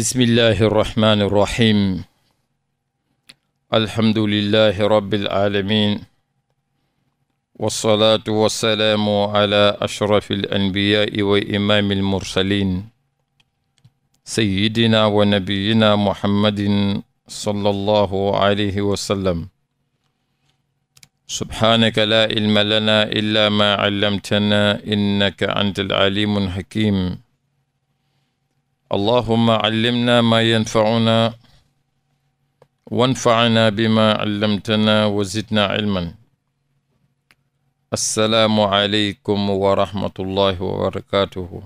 bismillahi irrahmani irrahim alhamdulilahi rabiilalamin walsalaatu wassalaamu ala ashrafi alanbiyaai wa imaami almursalin sayidina wa nabiyina muhammadin sala allahu alayhi wasallam subhaanaka laa ilma lana illa maa allamtana innaka anta alalimu alhakim allahuma callimna maa yanfacunaa wanfacanaa bimaa callamtanaa wa zidnaa cilman assalaamu aleykum wa rahmatullahi wa barakaatuhu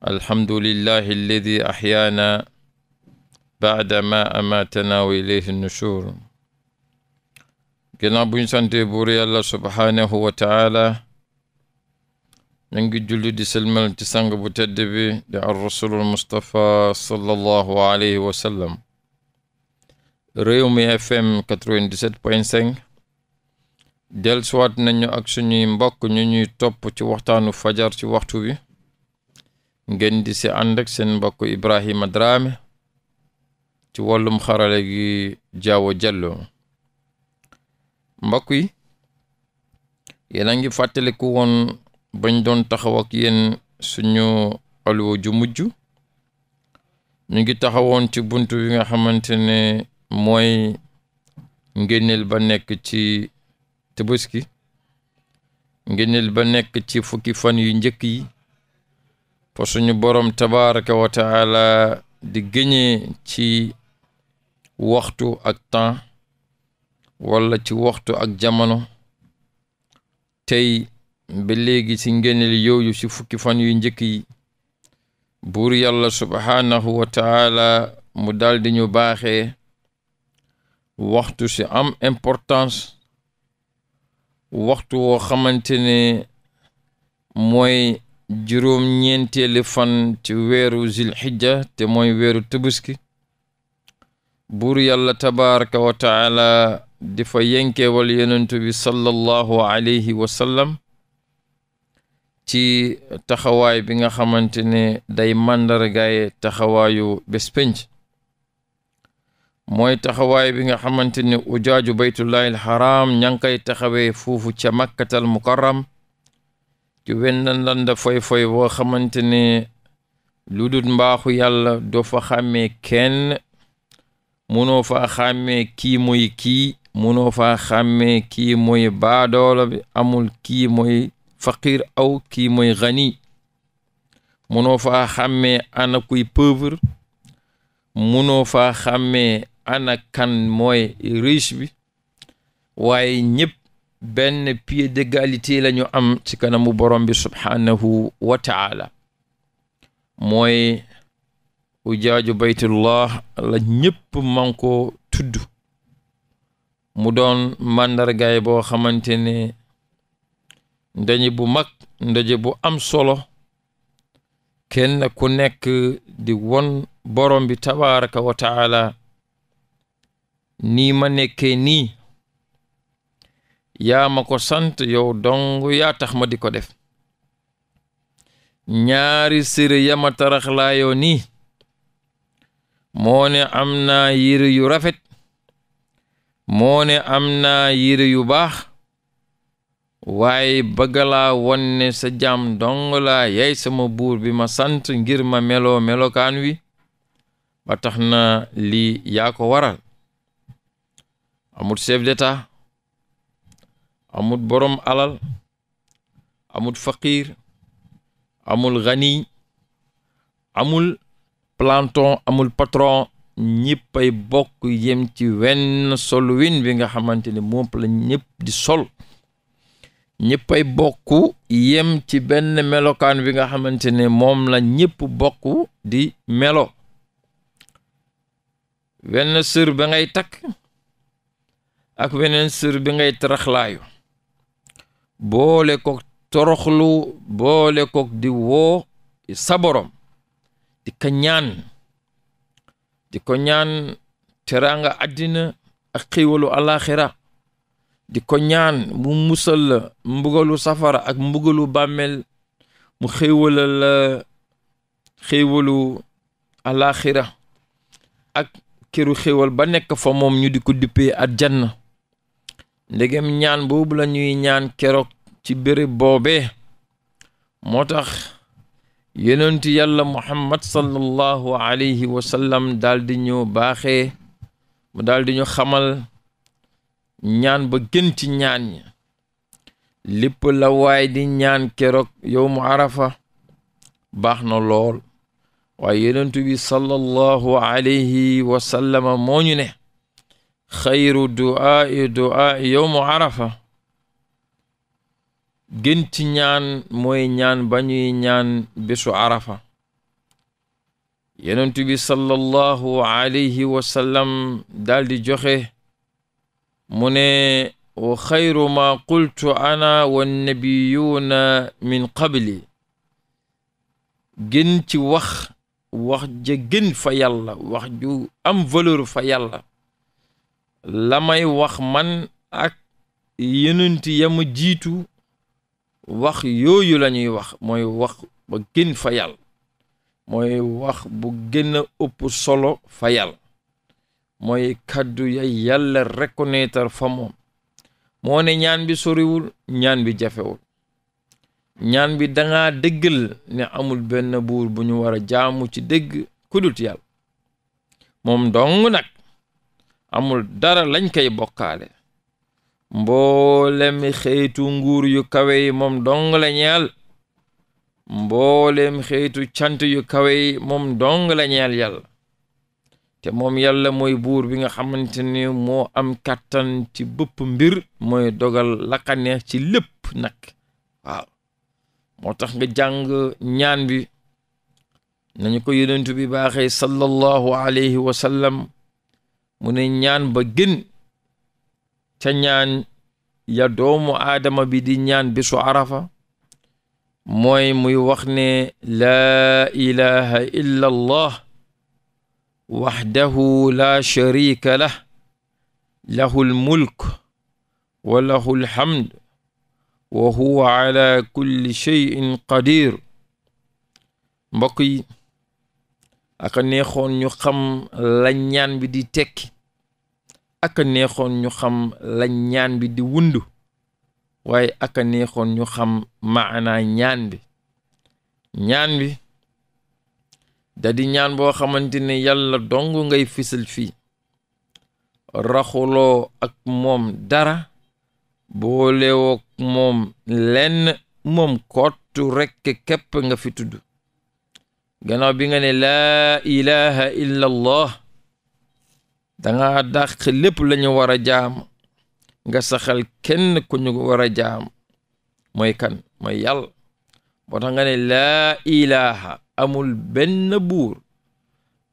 alhamdulillahi alladi axyaanaa bacda maa amaatanaa wa ilayhi nushuur ginnaaw buñ sante buur yàlla subhaanahu wa taala ñu ngi julli di sëlmal ci sang bu tedd bi di ar rasulul mustapha sallallahu alayhi wa sallam mi fm 97 point 5 del suwaat nañu ak suñuy mbokk ñu ñuy topp ci waxtaanu fajar ci waxtu wi ngeen di si ànd ak seen mbokk ibrahima drame ci wàllum xarale gi jaawo jallo mbokk yi yéen a ngi fàttaliku bañ doon taxawak yen suñu alwo ju mujj ñu ngi taxawoon ci buntu bi nga xamante ne mooy ngénneel ba nekk ci tabaski ngénneel ba nekk ci fukki fan yu njëkk yi fa suñu borom tabaraka wa di géñee ci waxtu ak temps wala ci waxtu ak jamono tey ba léegi ci ngëneel yooyu ci fukki fan yu njëkk yi buur yàlla subhaanahu wa taala mu daldi ñu baaxe waxtu ci am importance waxtu woo xamante ne mooy juróom-ñeenteeli fan ci weeru zilxijja te mooy weeru tabaski buur yàlla tabaraka wa taala di fa yenkeewal bi sallallahu alayhi wa ci taxawaay bi nga xamante ne day màndargaaye taxawaayu bés pénc mooy taxawaay bi nga xamante ne ujaaju baytullahi alxaram ña ngi koy taxawee foofu ca makkatal mukarram ci wenn landa foy foy boo xamante ne lu dul mbaaxu yàlla doo fa xàmmee kenn munoo faa xàmmee kii mooy kii munoo faa xàmmee kii mooy baadoola bi amul kii mooy faqiir aw kii moy xani munoo fa xàmmee ana kuy pauvre munoo faa xàmmee ana kan mooy riche bi waaye ñëpp benn pied d'égalité la ñu am ci kanamu borom bi subhaanahu wa taala mooy ujaaju baytullah la ñëpp man ko tudd mu doon màndargaay boo xamante ne ndaje bu mag ndaje bu am solo kenn ku nekk di won borom bi tabaraka wa taala nii ma nekkee nii yaama ko sant yow dong yaa tax ma di ko def ñaari sëre yama taraxlaayoo nii moo am naa yére yu rafet moone am naa yére yu baax waaye bëgg laa won ne sa jaam dong laa yay sama buur bi ma sant ngir ma meloo melokaan wi ba tax na lii yaa ko waral amut chef amut borom alal amut faqiir amul ganiy amul planton amul patron ñëppay bokk yem ci wenn sol win bi nga xamante ne moom la ñëpp di sol ñëppay bokk yem ci benn melokaan bi nga xamante ne moom la ñëpp bokk di melo wenn sër bi ngay takk ak weneen sër bi ngay taraxlaayu boole ko toroxlu boole ko di woo sa borom di ko ñaan di ko ñaan teraanga àddina ak xiiwalu alaaxira di ko ñaan bu musal la mbugalu safara ak mbugalu bàmmeel mu xéewalal la xéewalu ak keru xéewal ba nekk fa moom ñu di ko duppee aljanna ndegem ñaan boobu la ñuy ñaan keroog ci béréb boobee moo tax yonentu yàlla muhammad sallallahu alayhi wa sallam daal di ñu baaxee mu ñu xamal ñaan ba gën ci ñaan ñi lépp la waay di ñaan keroog yow arafa baax na lool waaye yonentu bi sallallahu alayhi wa sallama moo ñu ne xayru arafa gën ci ñaan mooy ñaan ba ñuy ñaan bésu arafa yonentu bi sallallahu alayhi wa daldi joxe mu ne wa xayru ma qultu ana wannabiyuuna min qabli gën ci wax wax ja gën fa yàlla wax ju am valeur fa yàlla la may wax man ak yenenti yam jiitu wax yooyu lañuy wax mooy wax ba gën fa yàlla mooy wax bu gën a ëpp solo fa yàlla mooy kàddu yay yàlla reconnaître fa moom moo ñaan bi soriwul ñaan bi jafewul ñaan bi dangaa dëggal ne amul benn buur bu ñu war a jaamu ci dëgg kudut yàlla moom dong nag amul dara lañ koy bokkale mboolem xeetu nguur yu kawe moom dong la mboolem xeetu cant yu kawe yi moom dong la ñeel yàlla te moom yàlla mooy buur bi nga xamante ni moo am kàttan ci bëpp mbir mooy dogal la ci lépp nag waaw moo tax nga jàng ñaan bi nañu ko yonent bi baaxee sallallahu alayhi wa mu ne ñaan ba gën ca ñaan ya doomu aadama bi di ñaan bisu arafa mooy muy wax ne laa ilaha waxdahu laa sharika lah lahu lmulk wa lahu lhamd wa huwa ala kulli cheyin qadir mbokk yi aka neexoon ñu xam la ñaan bi di tekki aka neexoon ñu xam la ñaan bi di wundu waaye aka neexoon ñu xam maanaa ñaan bi ñaan bi da di ñaan boo xamante ne yàlla dong ngay fisal fii raxuloo ak moom dara boolewook moom lenn moom kottu rekk képp nga fi tudd gannaaw bi nga ne laa ilaha illa danga dàq lépp lañu war a jaam nga saxal kenn ku ñu war a jaam mooy kan mooy yàlla boo nga ne laa ilaha amul benn buur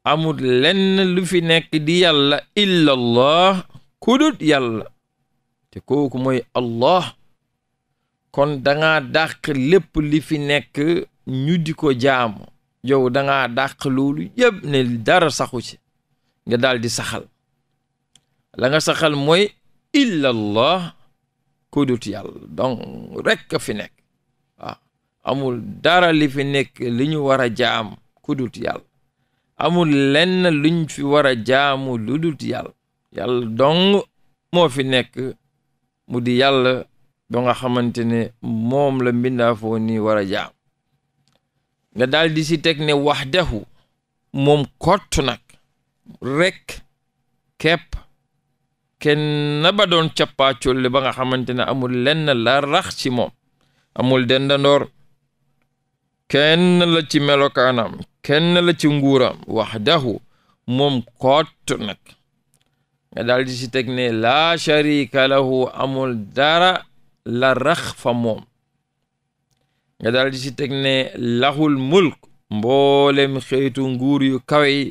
amul lenn lu fi nekk di yàlla illallah kudut yàlla te kooku mooy allah kon danga dàq lépp li fi nekk ñu di ko jaamu yow danga dàq loolu yëpp ne dara saxu ci nga daal di saxal la nga saxal mooy illallah kudut yàlla donc rekk fi nekk amul dara li fi nekk li ñu war a jaam kudut yàlla amul lenn luñ fi war a jaamu ludut yàlla yàlla dong moo fi nekk mu di yàlla ba nga xamante ne moom la mbindaafoo ni war a jaam nga daal di si teg ne wahdahu moom kott nag rekk kepp kenn ba doon cappaacolle ba nga xamante ne amul lenn la ci moom amul dendandoor kenn la ci melokaanam kenn la ci nguuram wahdahu moom kott nag nga daal di si teg ne laa sharika lahu amul dara la rax fa moom nga daal di si teg ne lahul mulk mboolem xeetu nguur yu kawe yi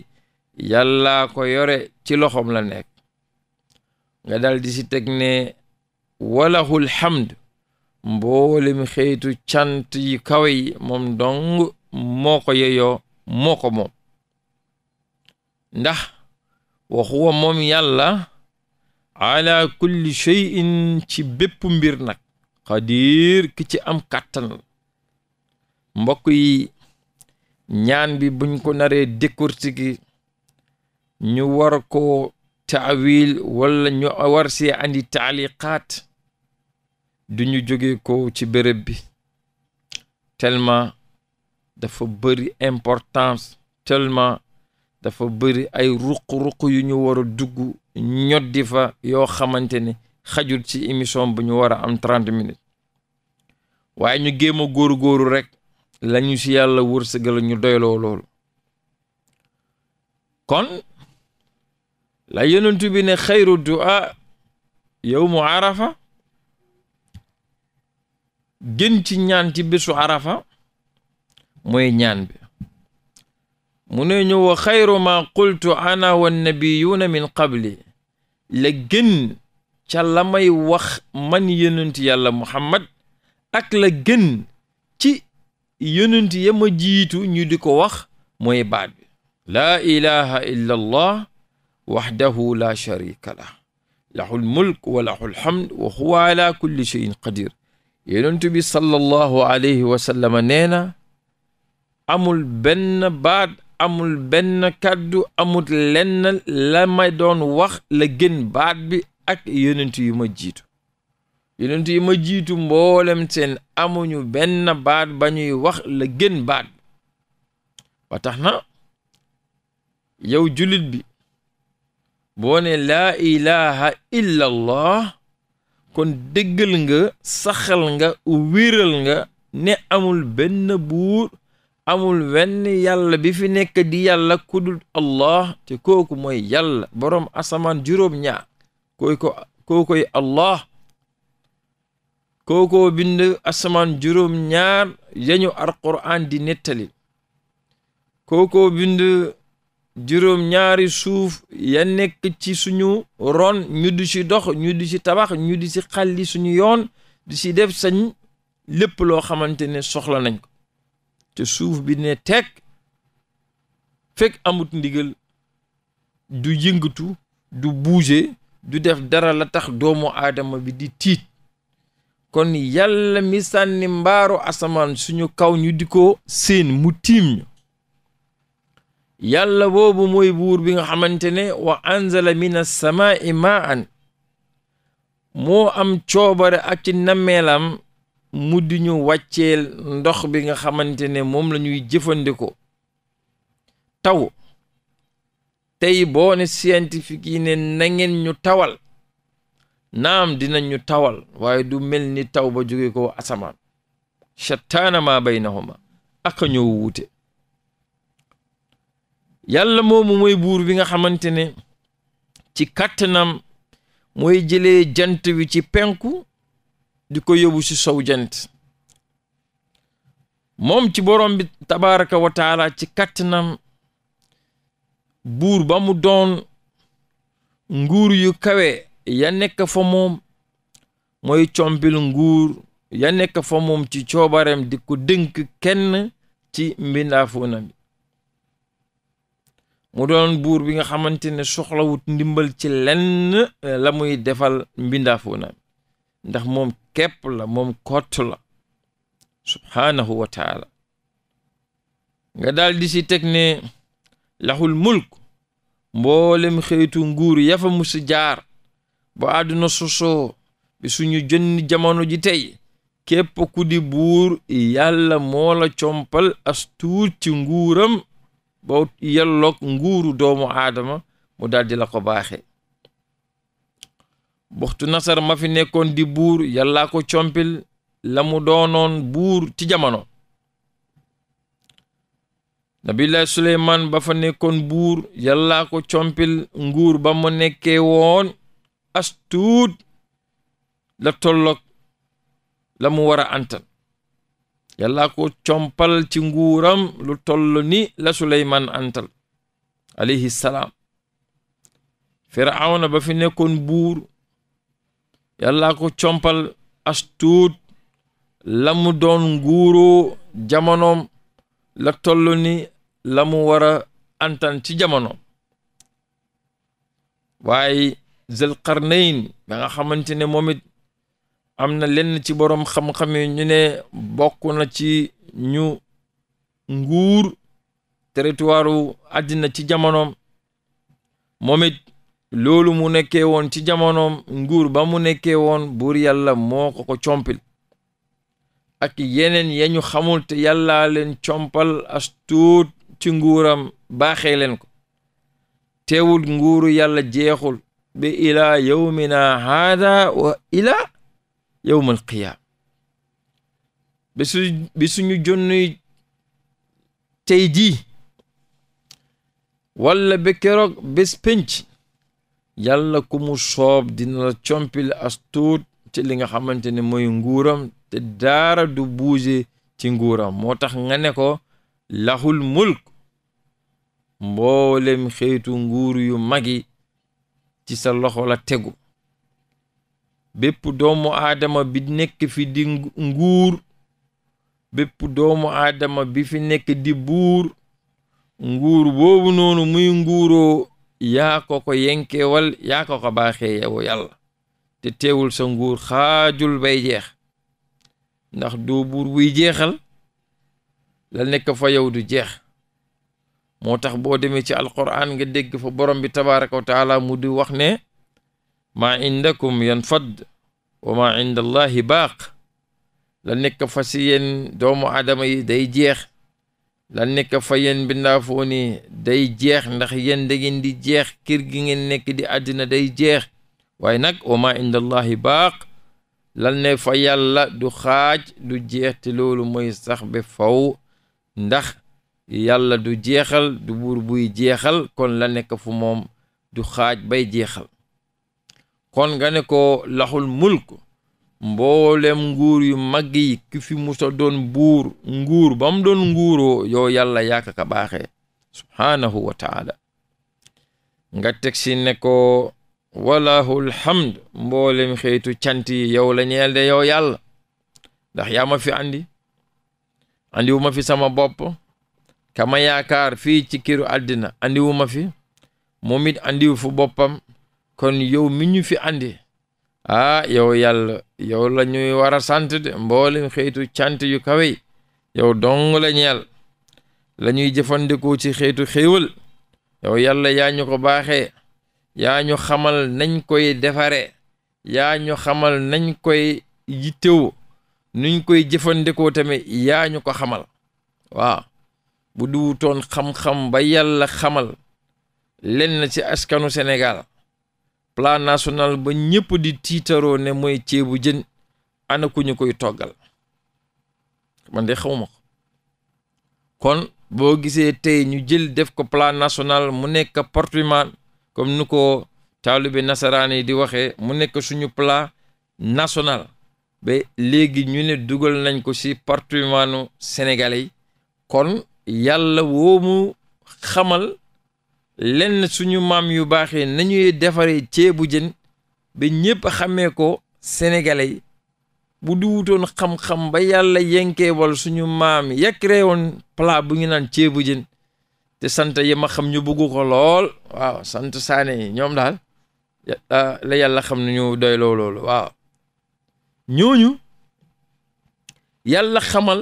yàllaa ko yore ci loxoom la nekk nga daal di si teg ne walahul hamd mboolem xeetu cant yi kawe yi moom dong moo ko yeyoo moo ko moom ndax waxuwa moom yàlla ala kulli shay'in ci bépp mbir nag xadir ki ci am kàttan mbokk yi ñaan bi buñ ko naree décortiqué ñu war ko taawil wala ñu war andi taaliqaat du ñu jóge ko ci bërëb bi tellement dafa bëri importance tellement dafa bëri ay ruq-ruq yu ñu war a dugg ñoddi fa yoo xamante ni xajul ci émission bu ñu war a am trente minutes waaye ñu géem a góor-góoru rek lañu ci yàlla wërsëgal ñu doyloo loolu kon la yenentu bi ne xayru du'a yawmu arafa gën ci ñaan ci bésu arafa mooy ñaan bi mu ne ñu wa xayru ma qultu ana wa nabiyuuna min qabli la gën ca la may wax man yonenti yàlla muhammad ak la gën ci yonenti ya ma jiitu ñu di ko wax mooy baat bi laa ilaha illa allah waxdahu la sharika lah lahu lmulk wa lahu lhamd wa huwa ala kulli cheyin qadir yonent bi sallallahu alayhi wa sallam na amul benn baat amul benn kàddu amul lenn la doon wax la gën baat bi ak yonent yu ma jiitu yonent yu ma jiitu mboolem seen amuñu benn baat ba ñuy wax la gën baat bi ba tax na yow julit bi boo ne laa ilaha illa kon déggal nga saxal nga wéeral nga ne amul benn buur amul wenn yàlla bi fi nekk di yàlla kudul allah te kooku moy yàlla boroom asamaan juróom ñaar kooku allah kookoo bind asamaan juróom ñaar yañu alquraan di nettali kookoo bind juróom ñaari suuf ya nekk ci suñu ron ñu di ci dox ñu di ci tabax ñu di ci xalli suñu yoon di ci def sañ lépp loo xamante ne soxla nañ ko te suuf bi ne teg fekk amut ndigal du yëngatu du bouger du def dara la tax doomu aadama bi di tiit kon yàlla mi sànni mbaaru asamaan suñu kaw ñu di ko seen mu tiim ñu yàlla boobu mooy buur bi nga xamante ne wa anzala min as-samaa'i maa'an moo am coobare ak ci nammeelam mu di ñu wàcceel ndox bi nga xamante ne moom la ñuy jëfandikoo taw tey boo ne yi ne na ngeen ñu tawal naam dinañ ñu tawal waaye du mel ni taw ba jóge ko asamaan shattaana maa baynahuma ak ñoo wuute yàlla moomu mooy buur bi nga xamante ne ci kattanam mooy jëlee jant wi ci penku di ko yóbbu ci sow jant moom ci borom bi tabaraka wa ci kàttanam buur bamu mu doon nguur yu kawe ya nekk fa moom mooy compil nguur ya nekk fa moom ci coobareem di ko dënk kenn ci mbindaafoonam mu doon buur bi nga xamante ne soxlawut ndimbal ci lenn eh, la muy defal mbindaafu na ndax moom képp la moom kott la subhaanahu wa taala nga daldi di si teg ne laxul mulk mboolem xëytu nguur yafa musi jaar ba àdduna sosoo bi suñu jonni jamono ji tey képp ku buur yàlla moola compal as ci nguuram ba yelloog nguuru doomu aadama mu daal di la ko baaxe boxtu nasar ma fi nekkoon di buur yàllaa ko compil la mu doonoon buur ci jamono nabillahi suleymaan ba fa nekkoon buur yàllaa ko compil nguur ba mu nekkee woon astuut la tolloog la mu war a antal yàlla ko compal ci nguuram lu toll ni la suleymaan antal alayhi salaam firawna ba fi nekkoon buur yàlla ko compal astuut lamu mu doon nguuroo jamonoom la toll ni la mu war a antan ci jamonoom waaye Zulqarnayn ba nga xamante ne am na lenn ci boroom xam-xam yi ñu ne bokk na ci ñu nguur territoire àddina ci jamonoom moom it loolu mu nekkee woon ci jamonoom nguur ba mu nekkee woon buur yàlla mooko ko compil ak yeneen ya ñu xamul te yàllaa leen compal astut ci nguuram baaxee leen ko teewul nguur yàlla jeexul bi ilaa yawmina haada wa ilaa yowmal qiyaam bi su bi suñu jonnuy tey jii walla ba keroog bés pénc yàlla soob dina compile compil as li nga xamante ne mooy nguuram te daara du buuse ci nguuram moo tax nga ne ko laxul mulk mboolem xeetu nguur yu magi ci sa loxo la tegu bépp doomu aadama bi nekk fi di nguur bépp doomu aadama bi fi nekk di buur nguur boobu noonu muy nguuroo yaa ko ko yenkewal yaa ko ko baaxee yow yàlla te teewul sa nguur xaajul bay jeex ndax doo buur buy jeexal la nekk fa yow du jeex moo tax boo demee ci alquran nga dégg fa borom bi tabaraka wa mu di wax ne ma indakum yanfad wa maa inda allahi baaq la nekk fa si yéen doomu aadama yi day jeex la nekk fa yen bindaafoo ni day jeex ndax yéen da di jeex kër gi ngeen nekk di àddina day jeex waaye nag wa maa inda allahi baaq lan ne fa yàlla du xaaj du jeex te loolu mooy sax ba faw ndax yàlla du jeexal du buur buy jeexal kon la nekk fu moom du xaaj bay jeexal kon nga ne ko laxul mulk mboolem nguur yu mag yi ki fi musa doon buur nguur bam doon nguuroo yow yàlla yaaka ka baaxee subhaanahu wa nga teg si ne ko walahul hamd mboolem xeetu cant yi yow la ñeel yow yàlla ndax yaa ma fi andi andiwu ma fi sama bopp kama yaakaar fii ci kiru àddina andiwu ma fi moom it andiwu fu boppam kon yow mi ñu fi andi ah yow yàlla yow la war a sant de mboolem xeetu cant yu kawe yow dong la lañuy la jëfandikoo ci xeetu xéewal yow yàlla yaañu ko baaxee yaañu ñu xamal nañ koy defare yaañu xamal nañ koy yittewu nuñ koy jëfandikoo tamit yaañu ko xamal waaw bu duwutoon xam-xam ba yàlla xamal lenn ci askanu senegal plan national ba ñëpp di tiitaroo ne mooy ceebu jën ana ñu koy toggal man de xawma ko kon boo gisee tey ñu jël def ko plan national mu nekk patrimoine comme nu ko taalibe nasaraan yi di waxee mu nekk suñu plan national ba léegi ñu ne dugal nañ ko si patrimoine sénégalais kon yàlla woo mu xamal lenn suñu maam yu baaxee nañuy defaree ceebu jën ba ñépp xamee ko senegale yi bu di wutoon xam-xam ba yàlla yenkeewal suñu maam yakkiree woon plat bu ngi naan ceebu jën te sant yi ma xam ñu bëgg ko lool waaw sant saane yi ñoom daal ah, la yàlla xam nañu ñu doy loo loolu waaw ñooñu yàlla xamal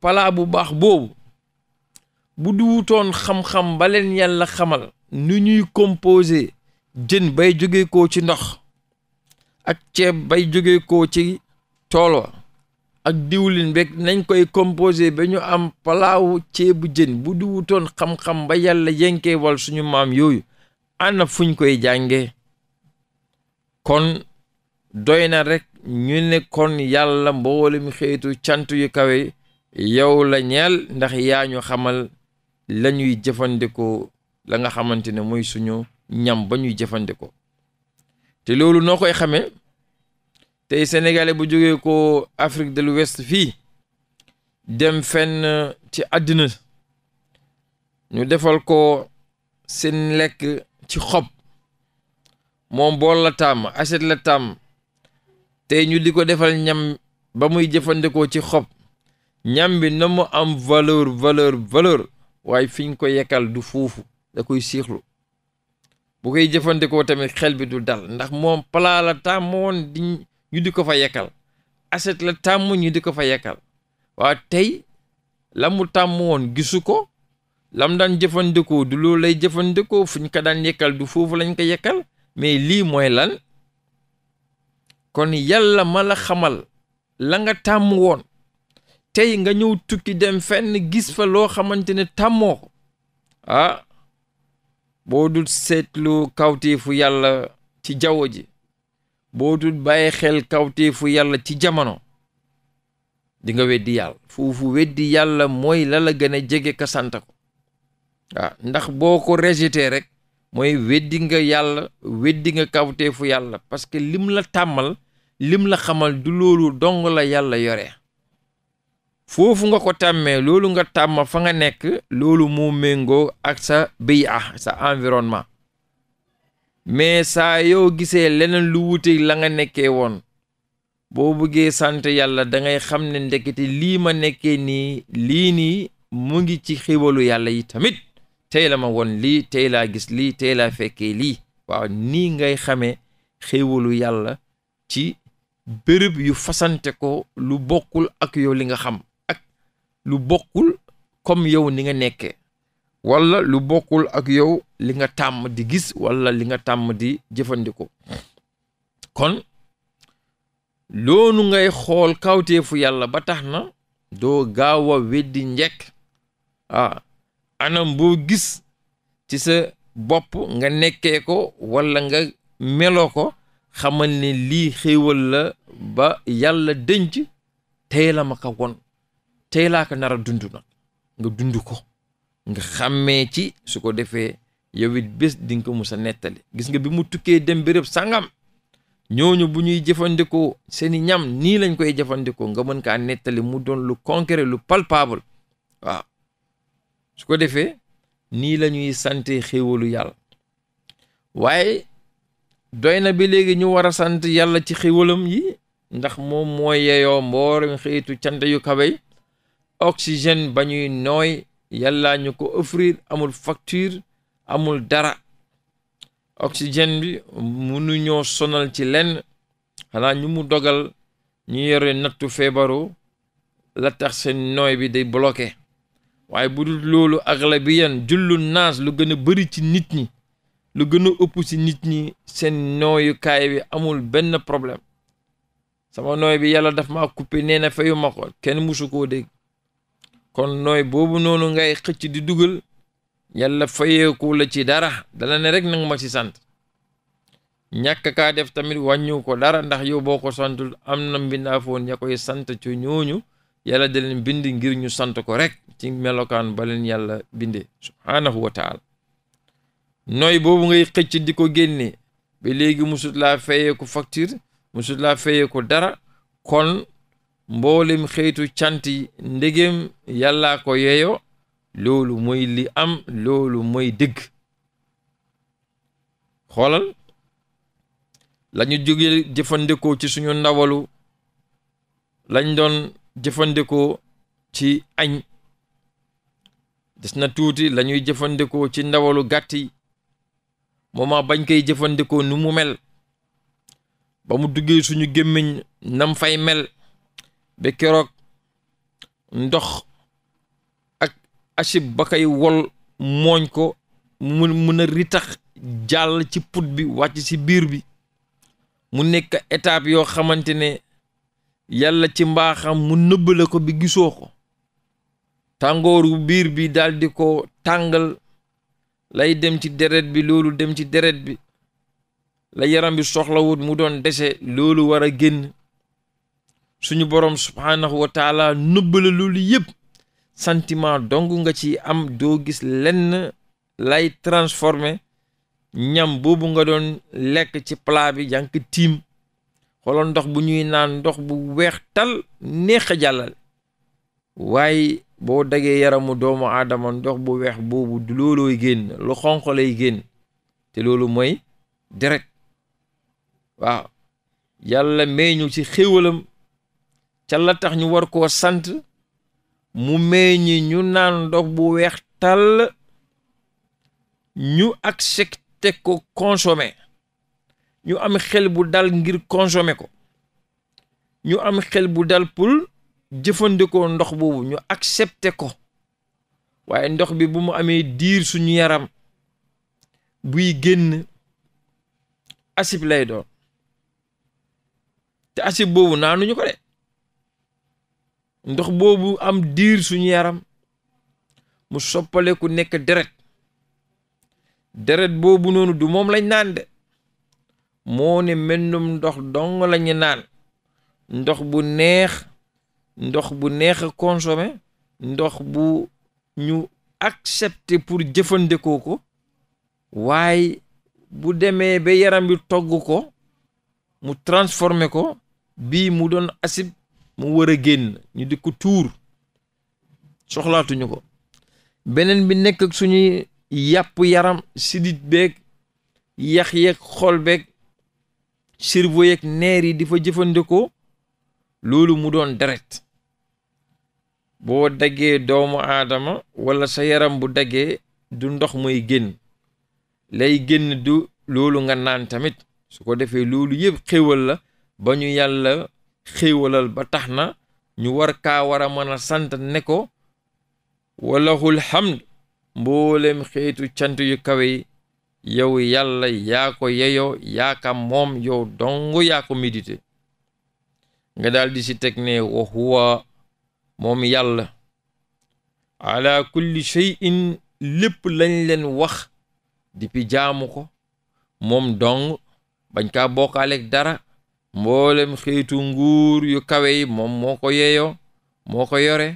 plat bu baax boobu bu duwutoon xam-xam ba leen yàlla xamal nu ñuy composé jën bay jóge ko ci ndox ak ceeb bay jóge ko ci tool ak diwlin be nañ koy composé ba ñu am palaawu ceebu jën bu duwutoon xam-xam ba yàlla yenkee wal suñu maam yooyu ana fuñ koy jànge kon doy na rek ñu ne kon yàlla mboolem xeetu cant yu kawe yow la ñeel ndax yaa ñu xamal lañuy jëfandikoo la nga xamante ne mooy suñu ñam ba ñuy jëfandikoo te loolu noo koy xamee tey sénégalais bu jógee ko Afrique de l'Ouest fii dem fenn ci àddina ñu defal ko seen lekk ci xob moom bool la tàmm assiette la tàmm tey ñu di ko defal ñam ba muy jëfandikoo ci xob ñam bi na mu am valeur valeur valeur waaye fiñ ko yekkal du foofu da koy siixlu bu koy jëfandikoo tamit xel bi du dal ndax moom palaa la tàmmoon di ñu di ko fa yekkal aset la tàmm ñu di ko fa yekkal waaw tey la mu tàmm woon gisu ko lam daan jëfandikoo du loolu lay jëfandikoo fu ñu ko daan yekkal du foofu lañ ko yekkal mais lii mooy lan kon yalla ma la xamal la nga tàmm woon tey nga ñëw tukki dem fenn gis fa loo xamante ne tàmmoo ah boo dul seetlu kawteefu yàlla ci jaww ji boo dul bàyyi xel kawteefu yàlla ci jamono di nga weddi yàlla foofu weddi yàlla mooy la la gën a jege ka sant ko waaw ah, ndax boo ko rejeté rek mooy weddi nga yàlla weddi nga fu yàlla parce que lim la tàmmal lim la xamal du loolu dong la yàlla yore. foofu nga ko tàmmee loolu nga tàmm fa nga nekk loolu moo méngoo ak sa béy sa environnement mais saa yow gisee leneen lu wuute la nga nekkee woon boo bëggee sant yàlla dangay xam ne ndekete lii ma nekkee nii lii nii mu ngi ci xéwalu yàlla yi tamit tey la ma won lii tey laa gis lii tey laa fekkee lii waaw nii ngay xamee xéwalu yàlla ci bërëb yu fasante ko lu bokkul ak yow li nga xam lu bokkul comme yow ni nga nekke wala lu bokkul ak yow li nga tàmm di gis walla li nga tàmm di jëfandikoo kon loonu ngay xool kawteefu yàlla ba tax na doo gaaw a weddi njekk ah anam boo gis ci sa bopp nga nekkee ko walla nga meloo ko xamal ni lii xéewal la ba yàlla denc tey la ma ko won tey laa ko nar a nga dund ko nga xàmmee ci su ko defee yow it bés di nga ko mus a nettali gis nga bi mu tukkee dem béréb sangam ñooñu bu ñuy jëfandikoo seeni ñam nii lañ koy jëfandikoo nga mën ka nettali mu doon lu concret lu palpable waaw su ko defee nii lañuy ñuy sante xéewalu yàlla waaye doy na bi léegi ñu war a sant yàlla ci xéewalam yi ndax moom moo yeyoo mboor xëyitu cant yu kawe oxygène ba ñuy nooy yàllaa ñu ko offrir amul facture amul dara oxygène bi mënuñoo sonal ci lenn xanaa ñu mu dogal ñu yore nattu feebaru la tax seen nooy bi day bloqué waaye bu dul loolu aglabiyan jullu naas lu gën a bari ci nit ñi lu gën a ëpp ci nit ñi seen nooyukaay bi amul benn problème sama nooy bi yàlla daf ma coupé nee na fayu ko kenn musu koo dégg kon nooy boobu noonu ngay xëcc di dugal yàlla fayeeku la ci dara dala ne rek nanga ma ci sant ñàkk kaa def tamit wàññu ko dara ndax yow boo ko santul am na mbindaafoon ña koy sant ci ñooñu yàlla da leen bind ngir ñu sant ko rek ci melokaan ba leen yàlla bindee noy wa taala ngay xëcc di ko génne ba léegi musut laa fayeeku facture musut laa fayeeku dara mboolem xeetu cant yi ndegem yàllaa ko yeyo loolu mooy li am loolu mooy dëgg xoolal lañu jóge jëfandikoo ci suñu ndawalu lañ doon jëfandikoo ci añ des na tuuti lañuy jëfandikoo ci ndawalu gàtt yi mooma bañ koy jëfandikoo nu mel ba mu duggee suñu gémmiñ nam fay mel ba keroog ndox ak acib bakay koy wol mooñ ko mu mun a ritax jàll ci put bi wàcc ci biir bi mu nekk étape yoo xamante ne yàlla ci mbaaxam mu nëbbale ko bi gisoo ko tàngooru biir bi daldi ko tàngal lay dem ci deret bi loolu dem ci deret bi la yaram bi soxlawut mu doon dese loolu war a génn suñu borom subhaanahu wa taala nëbbala loolu yépp santiment dong nga ci am doo gis lenn lay transformé ñam boobu nga doon lekk ci plat bi jànk tiim xooloon ndox bu ñuy naan ndox bu weex tal neex a jàllale waaye boo dagee yaramu doomu aadama ndox bu weex boobu du loolooy génn lu xonq lay génn te loolu mooy deret waaw yàlla meeñu ci xéwalam ca la tax ñu war koo sant mu meññi ñu naan ndox bu weex tàll ñu accepté ko consommé ñu am xel bu dal ngir consommé ko ñu am xel bu dal pour jëfandikoo ndox boobu ñu accepté ko waaye ndox bi bu mu amee diir suñu yaram buy génn asib lay doon te asib boobu naan ñu ko de ndox boobu am diir suñu yaram mu soppaleku nekk deret deret boobu noonu du moom lañ naan de moo mennum ndox dong lañu naan ndox bu neex ndox bu neex a consommer ndox bu ñu accepter pour jëfandikoo ko waaye bu demee ba yaram bi togg ko mu transformer ko bii mu doon acide mu war a génn ñu di ko tuur soxlaatuñu ko beneen bi nekk ak suñuy yàpp yaram sidit beeg yax yeeg xol beeg cerveau yeeg neer yi di fa jëfandikoo loolu mu doon deret boo daggee doomu aadama walla sa yaram bu daggee du ndox mooy génn lay génn du loolu nga naan tamit su ko defee loolu yëpp xéwal la ba xéewalal ba tax na ñu war ka wara a mën a sant ne ko walahul hamd mboolem xeetu cant yu kawe yi yow yàlla yaa ko yeyoo yaa ka moom yow dong yaa ko médité nga daldi di si teg ne wa huwa moom yàlla ala kulli shay'in lépp lañ leen wax dipi jaamu ko moom dong bañ kaa bokkaaleeg dara mboolem xeetu nguur yu kawe yi moom moo ko yeeyoo moo ko yore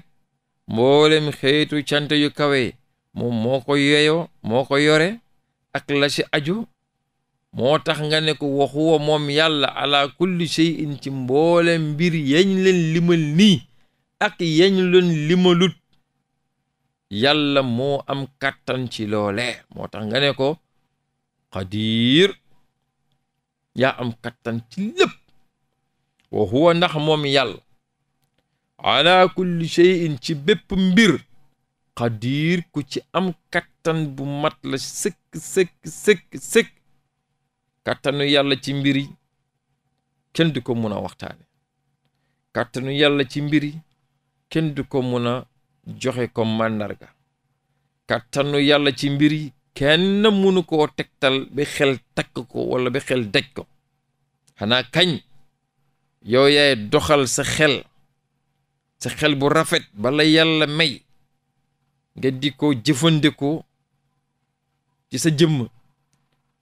mboolem xeetu cant yu kawe yi moom moo ko yeeyoo moo ko yore ak la ci aju moo tax nga ne ko waxuwa moom yàlla ala kulli shay'in ci mboolem mbir yeñ leen limal ak yeñ leen limalut yàlla moo am kattan ci loole moo tax nga ne ko xadiir ya am kattan ci lépp wa huwa ndax moom yàlla ala kulli shay'in ci bépp mbir xadiir ku ci am kattan bu mat la sëkk sëkk kattanu yàlla ci mbir yi kenn du ko mun a waxtaane kattanu yàlla ci mbir yi kenn du ko mun a joxe ko màndarga kattanu yàlla ci mbir yi kenn munu ko tegtal ba xel takk ko wala ba xel daj ko xanaa kañ yow yaay doxal sa xel sa xel bu rafet bala yàlla may nga di ko jëfandikoo ci sa jëmm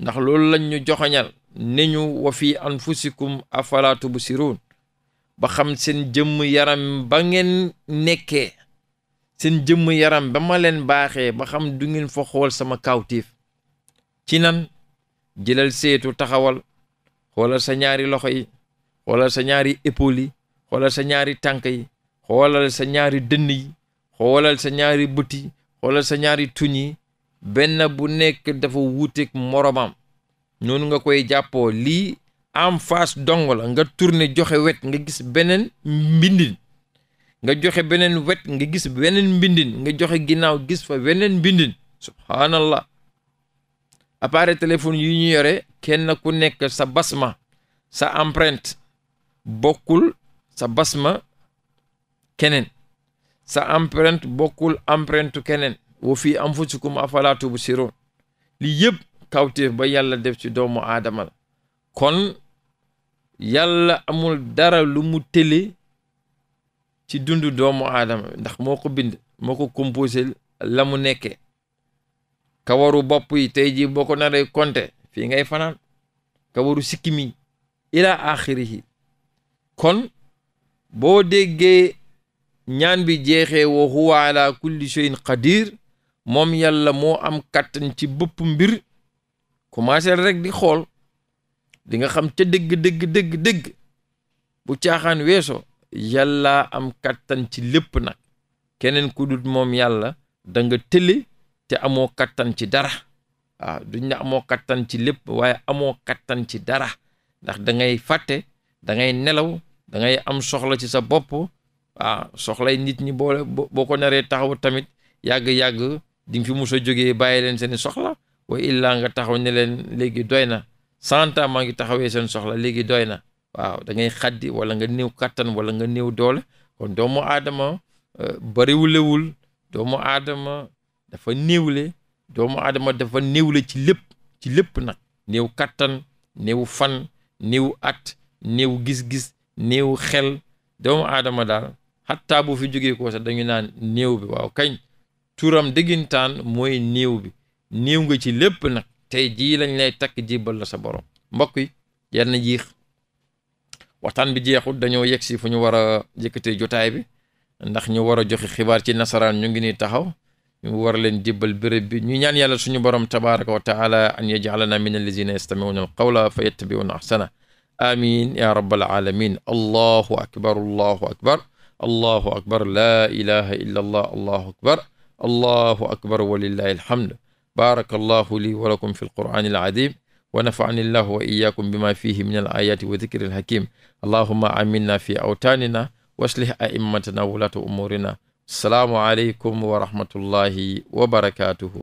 ndax loolu lañ ñu joxoñal ne ñu wa fi anfusikum afala tubsirun ba xam seen jëmm yaram ba ngeen nekkee seen jëmm yaram ba ma leen baaxee ba xam du ngeen fa sama kawtiif ci nan jëlal seetu taxawal xoolal sa ñaari loxo yi xoolal sa ñaari épaules yi xoolal sa ñaari tànk yi xoolal sa ñaari dënn yi xoolal sa ñaari bët yi xoolal sa ñaari tuñ benn bu nekk dafa wuuteeg moromam noonu nga koy jàppoo lii en face dong la nga turne joxe wet nga gis beneen mbindin nga joxe beneen wet nga gis beneen mbindin nga joxe ginnaaw gis fa weneen mbindin subhaanallah appareil téléphone yu ñu yore kenn ku nekk sa basma sa empreinte bokkul sa basma keneen sa empreinte bokkul empreinte keneen wa fii anfusikum bu tubsiroon lii yëpp kawteef ba yàlla def ci doomu aadama kon yàlla amul dara lu mu tële ci dundu doomu aadama ndax moo ko bind moo ko composé la mu nekkee kawaru bopp yi tey jii boo ko naree compter fii ngay fanaan kawaru sikkim yi ila axirihi kon boo déggee ñaan bi jeexee wa huwa kulli shay'in qadir moom yàlla moo am kàttan ci bëpp mbir commencé rekk di xool dinga xam ca dëgg dëgg dëgg dëgg bu caaxaan weesoo yàlla am kàttan ci lépp nag keneen ku dut moom yàlla danga nga te amoo kattan ci dara a duñ amoo kattan ci lépp waaye amoo kattan ci dara ndax dangay ngay fàtte da nelaw da ngay am soxla ci sa bopp ah soxlay nit ñi boole boo ko naree taxaw tamit yàgg-yàgg di fi mus a jógee bàyyi leen seen soxla wa illaa nga taxaw ne leen léegi doy na cent maa ngi taxawee seen soxla léegi doy na waaw da ngay xaddi wala nga néew kàttan wala nga néew doole kon doomu aadama euh, bariwulewul doomu aadama dafa néewle doomu aadama dafa néewle ci lépp ci lépp nag néew kàttan néew fan néew at néew gis-gis néew xel doomu aadama daal xattaa bu fi jógee ko sax dañu naan néew bi waaw kañ turam dëggintaan mooy néew bi néew nga ci lépp nag tey jii lañ lay takk jébbal la sa borom mbokk yi yal na jiix waxtaan bi jeexul dañoo yegg si fu ñu war a yëkkatee jotaay bi ndax ñu war a joxe xibaar ci nasaraan ñu ngi nii taxaw ñu war leen jébbal béréb bi ñu ñaan yàlla suñu borom tabaraka wa taala an yajalana min allazina yastamiuna alqawla fa yattabiuna ahsana amiin yaa rabbal aalamiin allahu akbar allahu akbar allahu akbar laa ilaha illa allah allahu akbar allahu akbar walillahi alhamd baaraka allahu lii wa lakum fi alqur'aani alazim wa nafa'ani allahu wa iyaakum bima fihi min alayaati wa dikri alhakim allahuma aminna fi awtaanina wa aslih a'immatana wulaata umuurina asalaamu aleykum wa rahmatullahi wa barakaatuhu